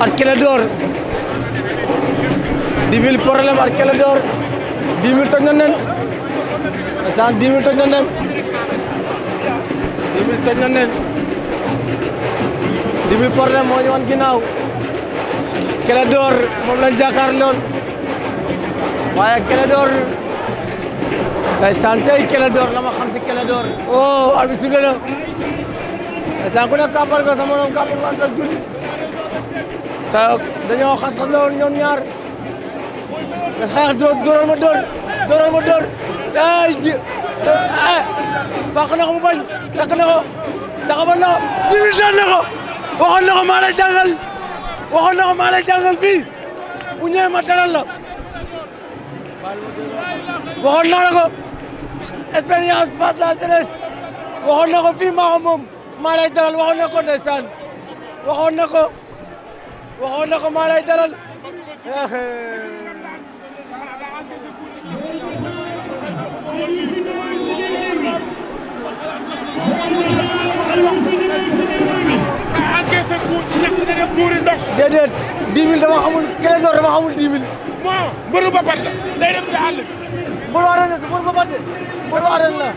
ak Clédor 10 000 problème ak Clédor 10 000 toj na nen saan toj na nen 10 toj na nen 10 000 problème moo ñu wan ginnaaw Clédor moom lañ jàkkaar lool waaye Clédor day sant ay Clédor la ma xam si Clédor oh albi sibla na saan ku ne kàppal ko sa morom kàppal ko antal julli te dañoo xas xas la woon ñaar da xeex dóoral ma dóor dóoral ji ah ko mu bañ takk ko taxawal na ko jibi ko waxoon ko na ko maa lay jàngal fii ma dalal la waxoon naa la ko expérience face la jeunesse waxoon na ko fii maa ko moom maa lay dalal waxoon na ko ndeysaan waxoon na ko waxoon na ko maa lay dalal déedéet 10 000 dama xamul Clédor dama xamul 10 000. bon mbëru ba pare la day dem ci àll bi. mbëru arène la mbëru ba pare la mbëru arène la.